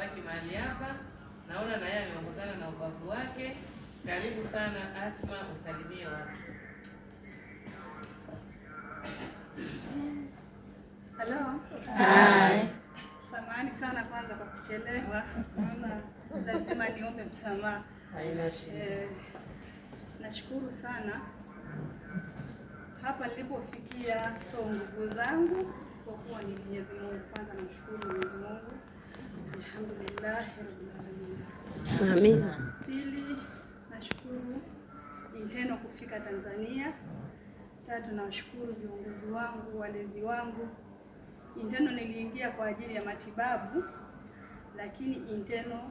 anabaki mahali hapa, naona na yeye ameongozana na ubavu wake. Karibu sana Asma, usalimie watu. Hello. Hi. Samahani sana kwanza kwa kuchelewa. Naona lazima niombe msamaha. Haina shida. Eh, nashukuru sana hapa nilipofikia, so nguvu zangu isipokuwa ni Mwenyezi Mungu. Kwanza namshukuru Mwenyezi Mungu Alhamdulillahi, pili nashukuru Inteno kufika Tanzania. Tatu nawashukuru viongozi wangu, walezi wangu. Inteno niliingia kwa ajili ya matibabu, lakini Inteno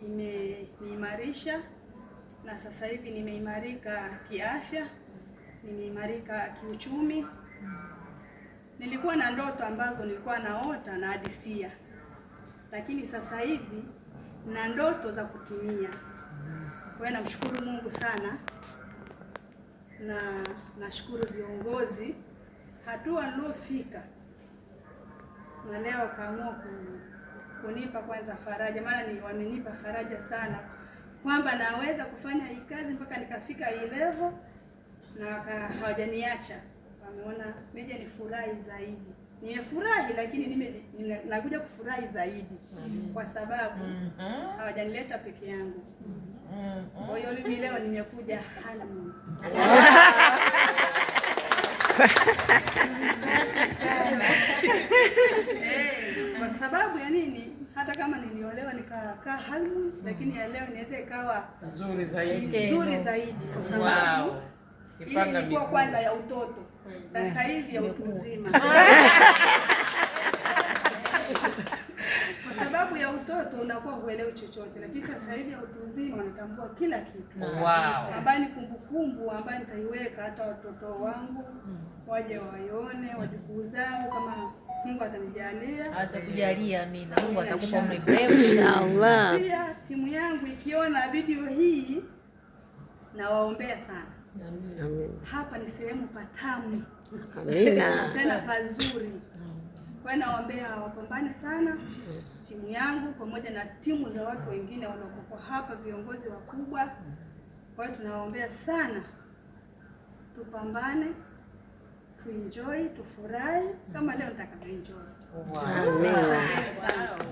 imeniimarisha na sasa hivi nimeimarika kiafya, nimeimarika kiuchumi. Nilikuwa na ndoto ambazo nilikuwa naota na hadisia lakini sasa hivi na ndoto za kutimia. Kwa hiyo namshukuru Mungu sana na nashukuru viongozi hatua niliofika, na wakaamua kunipa kwanza faraja, maana ni wamenipa faraja sana kwamba naweza kufanya hii kazi mpaka nikafika hii level, na hawajaniacha, wameona meja ni furahi zaidi. Nimefurahi lakini nime, nakuja kufurahi zaidi mm. kwa sababu mm -hmm. hawajanileta peke yangu mhm. kwa hiyo mimi leo nimekuja hani kwa sababu ya nini? Hata kama niliolewa nikakaa halmu, lakini ya leo inaweza ikawa nzuri zaidi, nzuri zaidi kwa sababu wow. ilikuwa kwanza ya utoto sasa hivi ya utu uzima kwa sababu ya utoto unakuwa huelewi chochote, lakini sasa hivi ya utu uzima unatambua kila kitu. Wow. Ambayo ni kumbukumbu ambayo nitaiweka hata watoto wangu hmm. waje waione, wajukuu zangu kama Mungu atanijalia. Atakujalia, amina. Mungu atakupa umri mrefu. Inshallah. Pia timu yangu ikiona video hii nawaombea sana. Amina. Hapa ni sehemu patamu Amina. tena pazuri kwa nawaombea wapambane sana timu yangu pamoja na timu za watu wengine wanaokuwa hapa, viongozi wakubwa. Kwa hiyo tunawaombea sana, tupambane, tuenjoy, tufurahi kama leo nitakaenjoy. Wow. Amina. Amen.